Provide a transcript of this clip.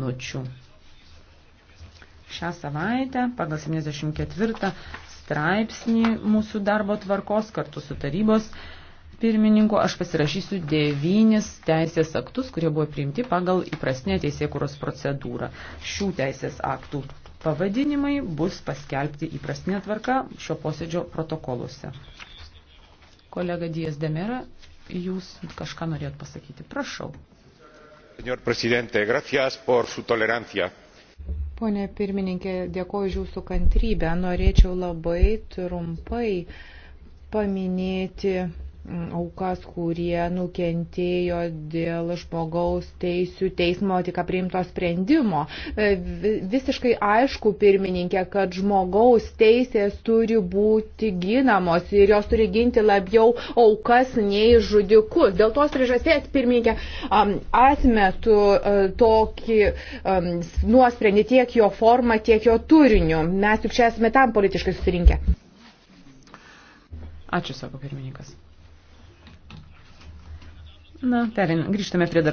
eilučių. Šią savaitę pagal 74 straipsnį mūsų darbo tvarkos kartu su tarybos pirmininku aš pasirašysiu devynis teisės aktus, kurie buvo priimti pagal įprastinę teisėkuros procedūrą. Šių teisės aktų pavadinimai bus paskelbti įprastinė tvarka šio posėdžio protokoluose. Kolega Dijas Demera, jūs kažką norėjot pasakyti. Prašau señor presidente gracias por su tolerancia. Pone pirmininkė, dėkoju už jūsų kantrybę. Norėčiau labai trumpai paminėti Mm, aukas, kurie nukentėjo dėl žmogaus teisų teismo tik priimto sprendimo. E, visiškai aišku, pirmininkė, kad žmogaus teisės turi būti ginamos ir jos turi ginti labiau aukas nei žudikus. Dėl tos priežasties, pirmininkė, atmetu e, tokį nuosprendį tiek jo formą, tiek jo turiniu. Mes juk čia esame tam politiškai susirinkę. Ačiū, sako pirmininkas. Na, perin, grįžtame prie dar.